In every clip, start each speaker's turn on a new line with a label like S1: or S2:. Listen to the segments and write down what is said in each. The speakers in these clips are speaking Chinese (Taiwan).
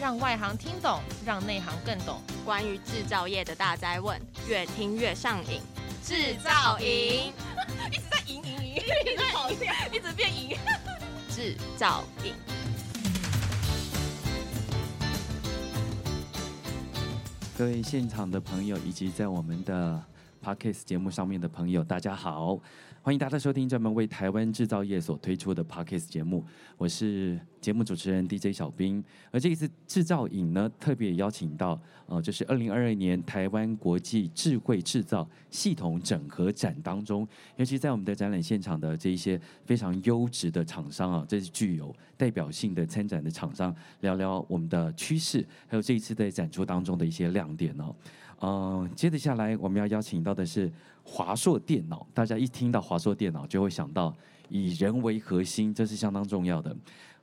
S1: 讓外行聽懂，讓內行更懂。關於製造業的大哉問，越聽越上癮。製造營一直在贏贏贏，贏一直，一直跑一直，一直變贏。製造營。嗯、各位現場的朋友以及在我們的。Podcast 節目上面的朋友，大家好！歡迎大家收聽專門為台灣製造業所推出的 Podcast 節目。我是節目主持人 DJ 小兵，而這一次製造影呢，特別邀請到呃，就是二零二二年台灣國際智慧製造系統整合展當中，尤其在我們的展覽現場的這一些非常優質的廠商啊，這是具有代表性的參展的廠商，聊聊我們的趨勢，還有這一次在展出當中的一些亮點呢。啊嗯，接着下來我們要邀請到的是華碩電腦。大家一聽到華碩電腦，就會想到以人為核心，這是相當重要的。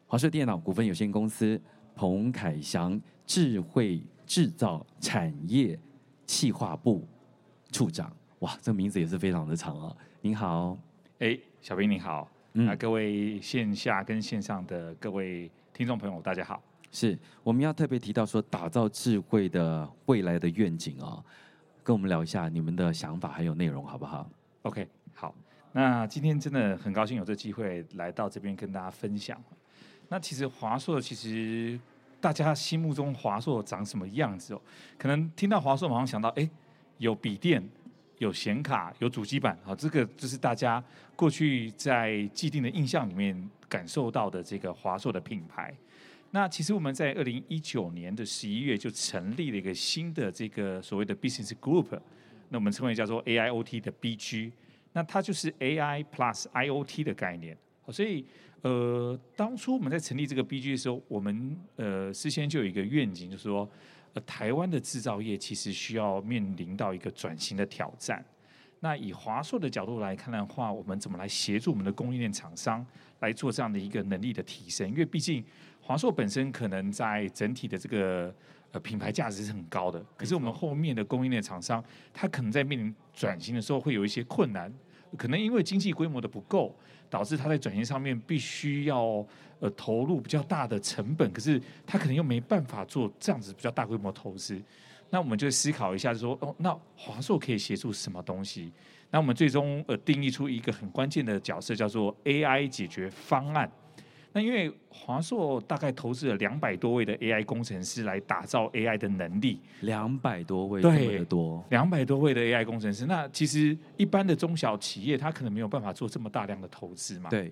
S1: 華碩電腦股份有限公司彭愷翔智慧製造產業企劃部處長，哇，這
S2: 個、名字也是非常的長啊。您好，哎、欸，小兵你好，嗯、啊，各位線下跟線上的各位聽眾朋友，大家好。是，
S1: 我們要特別提到說，打造智慧的未來的願景啊、哦，跟我們聊一
S2: 下你們的想法還有內容好不好？OK，好，那今天真的很高興有這機會來到這邊跟大家分享。那其實華碩，其實大家心目中華碩長什麼樣子哦？可能聽到華碩，馬上想到哎，有筆電，有顯卡，有主機板啊，這個就是大家過去在既定的印象裡面感受到的這個華碩的品牌。那其實我們在二零一九年的十一月就成立了一個新的這個所謂的 business group，那我們稱為叫做 AIoT 的 BG，那它就是 AI plus IoT 的概念。所以呃，當初我們在成立這個 BG 的時候，我們呃事先就有一個願景，就是說，呃，台灣的製造業其實需要面臨到一個轉型的挑戰。那以華碩的角度來看的話，我們怎麼來協助我們的供應鏈廠商來做這樣的一個能力的提升？因為畢竟華碩本身可能在整體的這個呃品牌價值是很高的，可是我們後面的供應鏈廠商，它可能在面臨轉型的時候會有一些困難，可能因為經濟規模的不夠，導致它在轉型上面必須要呃投入比較大的成本，可是它可能又沒辦法做這樣子比較大規模投資，那我們就思考一下，就說哦，那華碩可以協助什麼東西？那我們最終呃定義出一個很關鍵的角色，叫做 AI 解決方案。那因為華碩大概投資了兩百多位的 AI 工程師來打造 AI 的能力，兩百多位對，多位多，兩百多位的 AI 工程師，那其實一般的中小企業，他可能沒有辦法做這麼大量的投資嘛？對。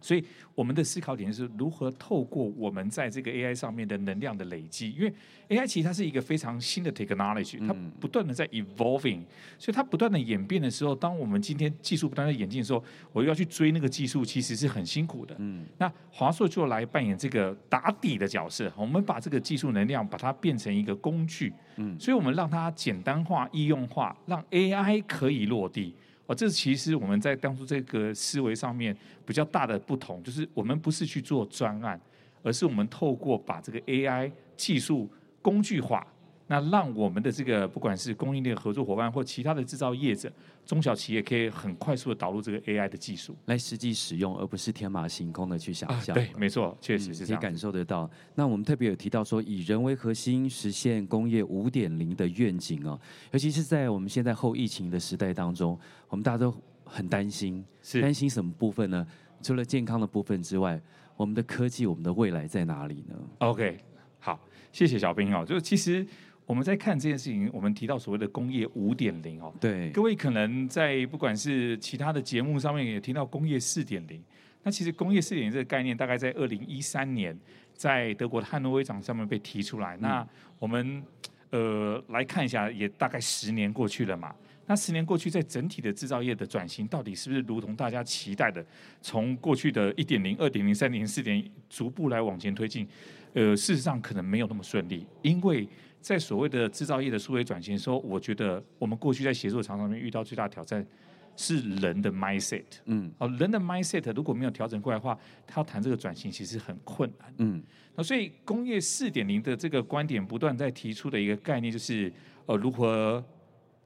S2: 所以我們的思考點是，如何透過我們在這個 AI 上面的能量的累積，因為 AI 其實它是一個非常新的 technology，它不斷的在 evolving，所以它不斷的演變的時候，當我們今天技術不斷的演進的時候，我又要去追那個技術其實是很辛苦的。嗯，那華碩就來扮演這個打底的角色，我們把這個技術能量把它變成一個工具，嗯，所以我們讓它簡單化、易用化，讓 AI 可以落地。哦，這其實我們在當初這個思維上面比較大的不同，就是我們不是去做專案，而是我們透過把這個 AI 技術工具化。那讓我們的這個不管是供應鏈合作夥伴或其他的制造業者、中小企業，可以很快速的導入這個 AI 的技術來實際使用，而不是天馬行空的去想象。啊。對，沒錯，確實是、嗯、可以感受得到。那我們特別有提
S1: 到說，以人為核心，實現工業五點零的願景哦，尤其是在我們現在後疫情的時代當中，我們大家都很擔心，是擔心什麼部分呢？
S2: 除了健康的部分之外，我們的科技，我們的未來在哪裡呢？OK，好，謝謝小兵哦，就是其實。我們在看這件事情，我們提到所謂的工業五點零哦，對，各位可能在不管是其他的節目上面也聽到工業四點零，那其實工業四點零這個概念大概在二零一三年在德國的漢諾威展上面被提出來。嗯。那我們呃來看一下，也大概十年過去了嘛，那十年過去，在整體的製造業的轉型，到底是不是如同大家期待的，從過去的一點零、二點零、三點零、四點逐步來往前推進？呃，事實上可能沒有那麼順利，因為在所謂的製造業的數位轉型的時候，我覺得我們過去在協作廠上面遇到最大挑戰是人的 mindset，嗯，哦，人的 mindset 如果沒有調整過來的話，他要談這個轉型其實很困難，嗯，那所以工業四點零的這個觀點不斷在提出的一個概念就是，呃，如何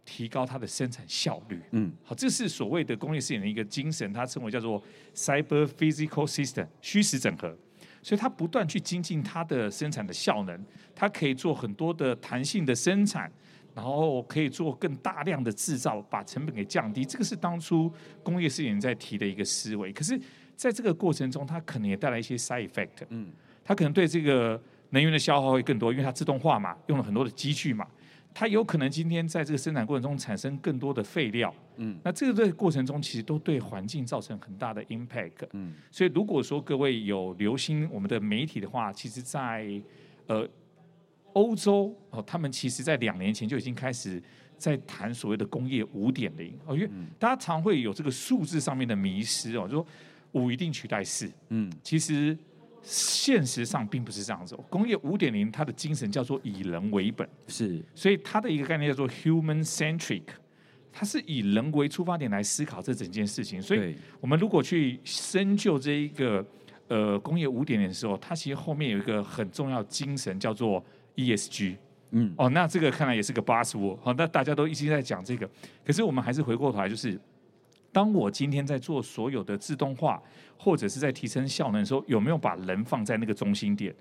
S2: 提高它的生產效率，嗯，好，這是所謂的工業四點零一個精神，它稱為叫做 cyber physical system 虛實整合。所以它不斷去精進它的生產的效能，它可以做很多的彈性的生產，然後可以做更大量的製造，把成本給降低。這個是當初工業4.0在提的一個思維。可是，在這個過程中，它可能也帶來一些 side effect，嗯，它可能對這個能源的消耗會更多，因為它自動化嘛，用了很多的機具嘛。它有可能今天在這個生產過程中產生更多的廢料，嗯，那這個在過程中其實都對環境造成很大的 impact，嗯，所以如果說各位有留心我們的媒體的話，其實在呃歐洲哦，他們其實在兩年前就已經開始在談所謂的工業五點零哦，因為大家常會有這個數字上面的迷思哦，就是說五一定取代四，嗯，其實。現實上並不是這樣子。工業五點零它的精神叫做以人為本，是。所以它的一個概念叫做 human centric，它是以人為出發點來思考這整件事情。所以我們如果去深究這一個呃工業五點零的時候，它其實後面有一個很重要精神叫做 ESG。嗯。哦，那這個看來也是個 Buzzword。好，那大家都一直在講這個，可是我們還是回過頭來就是。當我今天在做所有的自動化，或者是在提升效能的時候，有沒有把人放在那個中心點？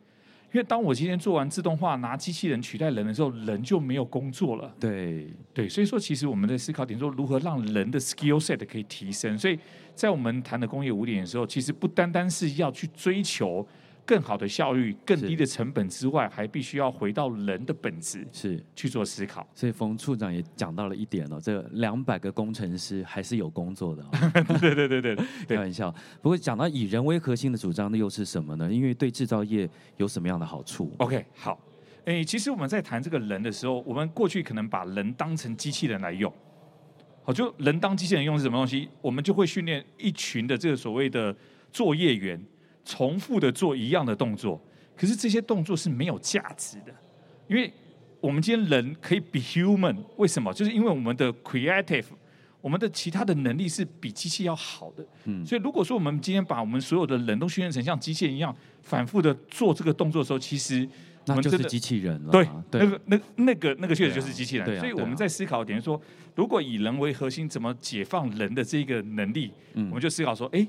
S2: 因為當我今天做完自動化，拿機器人取代人的時候，人就沒有工作了。對對，所以說其實我們在思考點說，如何讓人的 skill set 可以提升。所以在我們談的工業五點的時候，其實不單單是要去追求。更好的效率、更低的成本之外，是還必須要回到人的本質，是去做思考。所以，彭處長也講到了一點
S1: 哦，這兩百個工程師還是有工作的，哦。 對，對對對對，開玩笑。不過，講到以人為核心的主張，那又是什麼呢？因為對製造業有什麼樣的好處？OK，
S2: 好。哎、欸，其實我們在談這個人的時候，我們過去可能把人當成機器人來用。好，就人當機器人用是什麼東西？我們就會訓練一群的這個所謂的作業員。重複的做一樣的動作，可是這些動作是沒有價值的，因為我們今天人可以比 human，為什麼？就是因為我們的 creative，我們的其他的能力是比機器要好的。嗯、所以如果說我們今天把我們所有的人都訓練成像機器人一樣，反覆的做這個動作的時候，其實我們那就是機器人了。對，那個那那個那個確實就是機器人。啊啊啊啊、所以我們在思考，等於說，如果以人為核心，怎麼解放人的這個能力？嗯、我們就思考說，哎、欸。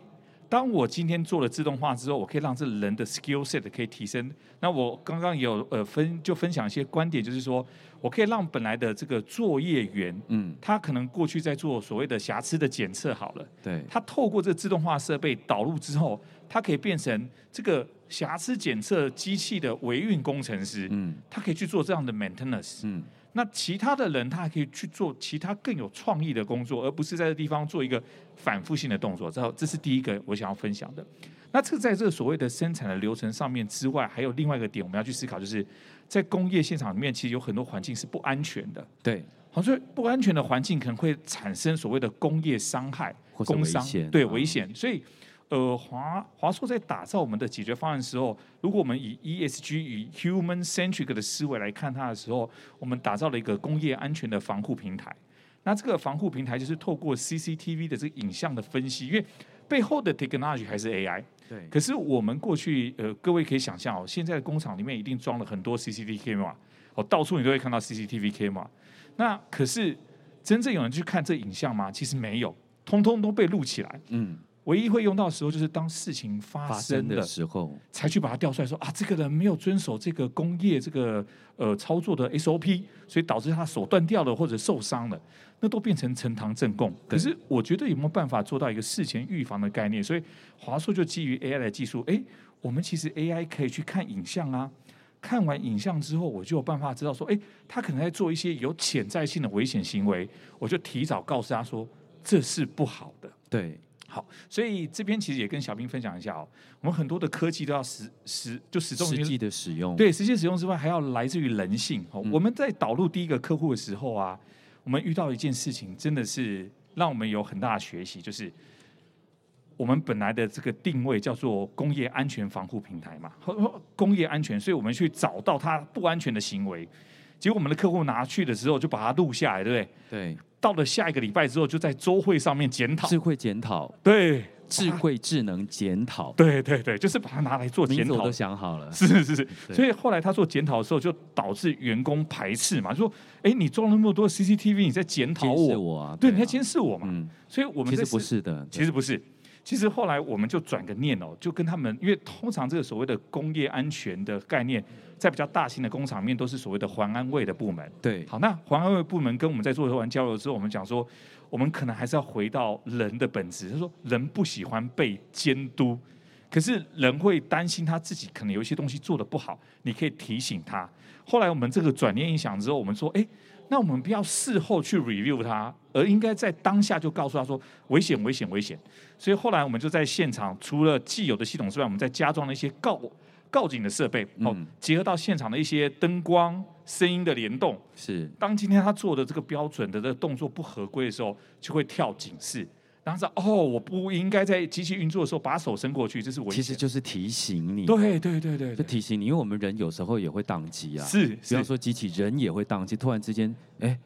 S2: 當我今天做了自動化之後，我可以讓這人的 skill set 可以提升。那我剛剛有呃分就分享一些觀點，就是說我可以讓本來的這個作業員，嗯，他可能過去在做所謂的瑕疵的檢測好了，對，他透過這個自動化設備導入之後，他可以變成這個瑕疵檢測機器的維運工程師，嗯，他可以去做這樣的 maintenance，嗯。那其他的人他還可以去做其他更有創意的工作，而不是在這地方做一個反覆性的動作。之後，這是第一個我想要分享的。那這在這個所謂的生產的流程上面之外，還有另外一個點我們要去思考，就是在工業現場裡面，其實有很多環境是不安全的。對，好像不安全的環境可能會產生所謂的工業傷害，或是工傷。啊、對，危險。所以。呃，華華碩在打造我們的解決方案的時候，如果我們以 ESG 以 Human Centric 的思維來看它的時候，我們打造了一個工業安全的防護平台。那這個防護平台就是透過 CCTV 的這個影像的分析，因為背後的 Technology 還是 AI。對。可是我們過去，呃，各位可以想象哦，現在的工廠裡面一定裝了很多 CCTV camera，哦，到處你都會看到 CCTV camera。那可是真正有人去看這影像嗎？其實沒有，通通都被錄起來。嗯。唯一會用到的時候，就是當事情發生，發生的時候，才去把它調出來說，說啊，這個人沒有遵守這個工業這個呃操作的 SOP，所以導致他手斷掉了或者受傷了，那都變成呈堂證供。對可是我覺得有沒有辦法做到一個事前預防的概念？所以華碩就基於 AI 的技術，哎、欸，我們其實 AI 可以去看影像啊，看完影像之後，我就有辦法知道說，哎、欸，他可能在做一些有潛在性的危險行為，我就提早告訴他說這是不好的。對。好，所以這邊其實也跟小兵分享一下哦，我們很多的科技都要實使，就始終實際的使用，對實際使用之外，還要來自於人性。哦、嗯、我們在導入第一個客戶的時候啊，我們遇到一件事情，真的是讓我們有很大的學習，就是我們本來的這個定位叫做工業安全防護平台嘛，工業安全，所以我們去找到它不安全的行為。結果我們的客戶拿去的時候，就把它錄下來，對不對？對。到了下一個禮拜之後，就在周會上面檢討。智慧檢討，對智慧智能檢討，對對對，就是把它拿來做檢討。我都想好了，是，是是是。對所以後來他做檢討的時候，就導致員工排斥嘛，說：“哎、欸，你裝那麼多 CCTV，你在檢討我，其實是我啊、對，對啊、你在監視我嘛。嗯”所以，我們其實不是的，其實不是。其實後來我們就轉個念哦，就跟他們，因為通常這個所謂的工業安全的概念，在比較大型的工廠裡面都是所謂的環安衛的部門。對，好，那環安衛部門跟我們在做完交流之後，我們講說，我們可能還是要回到人的本質。就是說，人不喜歡被監督，可是人會擔心他自己可能有一些東西做得不好，你可以提醒他。後來我們這個轉念一想之後，我們說，哎。那我們不要事後去 review 它，而應該在當下就告訴他說危險危險危險。所以後來我們就在現場，除了既有的系統之外，我們再加裝了一些告告警的設備，哦、嗯，結合到現場的一些燈光、聲音的聯動。是。當今天他做的這個標準的這個動作不合規的時候，就會跳警示。當時哦，我不應該在機器運作的時候把手伸過去，這是我其實就是提醒你，對對對對，對對對對，就提醒你，因為我們人有時候也會宕
S1: 機啊，是。是，比方說機器人也會宕機，突然之間，哎，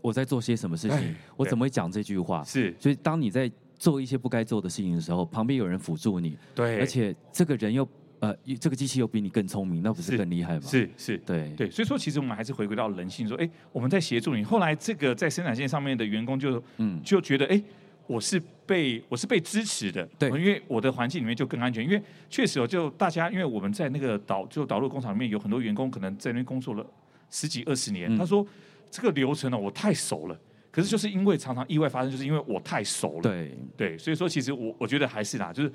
S1: 我在做些什麼事情？我怎麼會講這句話？是，所以當你在做一些不該做的事情的時候，旁邊有人輔助你，對，而且這個人又呃，這個機器又比你更聰明，那不是更厲害嗎？是是，
S2: 是是對對，所以說其實我們還是回歸到人性，說，哎，我們在協助你。後來這個在生產線上面的員工就嗯，就覺得，哎。我是被我是被支持的，對，因為我的環境裡面就更安全。因為確實哦，就大家因為我們在那個導就導入工廠裡面有很多員工，可能在那邊工作了十幾二十年。嗯、他說這個流程呢、啊，我太熟了。可是就是因為常常意外發生，就是因為我太熟了。對對，所以說其實我我覺得還是啦，就是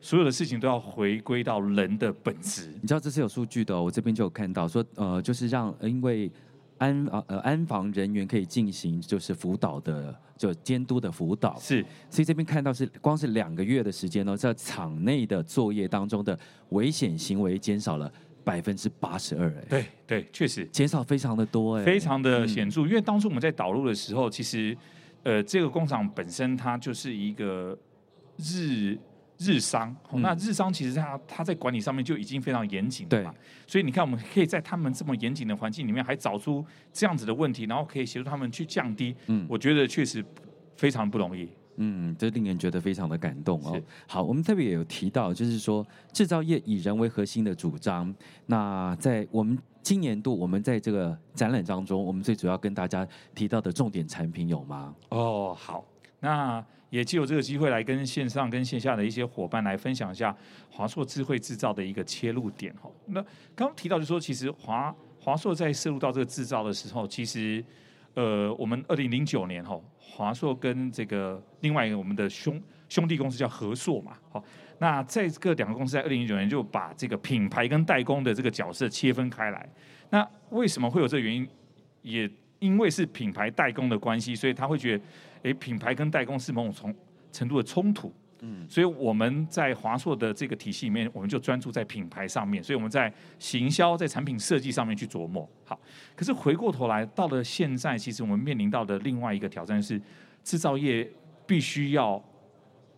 S2: 所有的事情都要回歸到人的本質。你知道這是有數據的、哦，我這邊就有看到
S1: 說，呃，就是讓、呃、因為。安啊呃，安防人員可以進行就是輔導的，就監督的輔導。是，所以這邊看到是光是兩個月的時間呢、哦，在場內的作業當中的危險行為減少了百分之八十二。哎，
S2: 對對，確實
S1: 減少非常的多哎、欸，非常
S2: 的顯著。嗯、因為當初我們在導入的時候，其實呃，這個工廠本身它就是一個日。日商，那日商其實他他在管理上面就已經非常嚴謹了，對所以你看我們可以在他們這麼嚴謹的環境裡面，還找出這樣子的問題，然後可以協助他們去降低，嗯，我覺得確實非常不容易。嗯，這令人覺得非常的感動哦。是好，我們特別也
S1: 有提到，就是說制造業以人為核心的主張。那在我們今年度，我們在這個展覽當中，我們最主要跟大家提到的重點產品有
S2: 嗎？哦，好，那。也借由這個機會來跟線上、跟線下的一些夥伴來分享一下華碩智慧製造的一個切入點哈。那剛剛提到就說，其實華華碩在涉入到這個製造的時候，其實呃，我們二零零九年哈，華碩跟這個另外一個我們的兄兄弟公司叫和碩嘛，哈，那在這個兩個公司在二零零九年就把這個品牌跟代工的這個角色切分開來。那為什麼會有這個原因？也因為是品牌代工的關係，所以他會覺得，誒，品牌跟代工是某種程度的衝突。嗯。所以我們在華碩的這個體系裡面，我們就專注在品牌上面。所以我們在行銷、在產品設計上面去琢磨。好，可是回過頭來，到了現在，其實我們面臨到的另外一個挑戰是，製造業必須要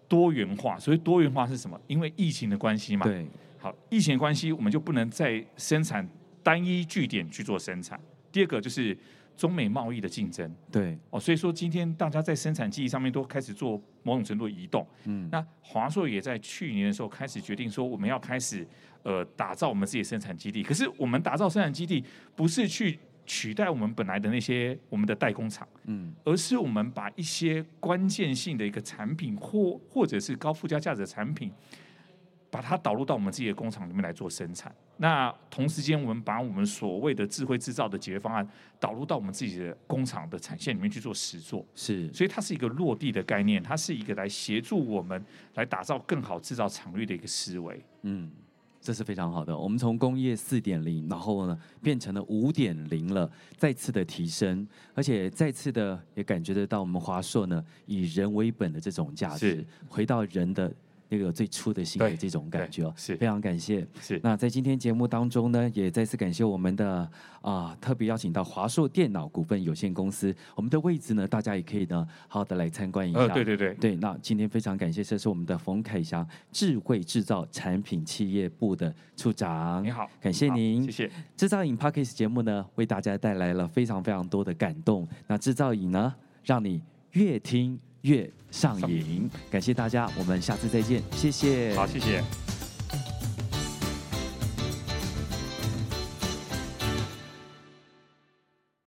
S2: 多元化。所以多元化是什麼？因為疫情的關係嘛。對。好，疫情的關係，我們就不能再生產單一據點去做生產。第二個就是。中美貿易的競爭，對哦，所以說今天大家在生產基地上面都開始做某種程度的移動。嗯，那華碩也在去年的時候開始決定說，我們要開始呃打造我們自己生產基地。可是我們打造生產基地不是去取代我們本來的那些我們的代工廠，嗯，而是我們把一些關鍵性的一個產品或或者是高附加價值的產品。把它導入到我們自己的工廠裡面來做生產。那同時間，我們把我們所謂的智慧製造的解決方案導入到我們自己的工廠的產線裡面去做實做。是。所以它是一個落地的概念，它是一個來協助我們來打造更好製造場域的一個思維。
S1: 嗯，
S2: 這是非常好的。我們從工業四點零，然後呢
S1: 變成了五點零了，再次的提升，而且再次的也感覺得到我們華碩呢以人為本的這種價值，是回到人的。那個最初的心的這種感覺，非常感謝。是那在今天節目當中呢，也再次感謝我們的啊、呃，特別邀請到華碩電腦股份有限公司，我們的位置呢，大家也可以呢，好好的來參觀一下。呃，對對對，對。那今天非常感謝，這是我們的彭愷翔，智慧製造產品企劃部的處長。你好，感謝您，謝謝。製造影 Podcast 節目呢，為大家帶來了非常非常多的感動。那製造影呢，讓你越聽。月上癮，感謝大家，我們下次再見，謝謝。好，謝謝。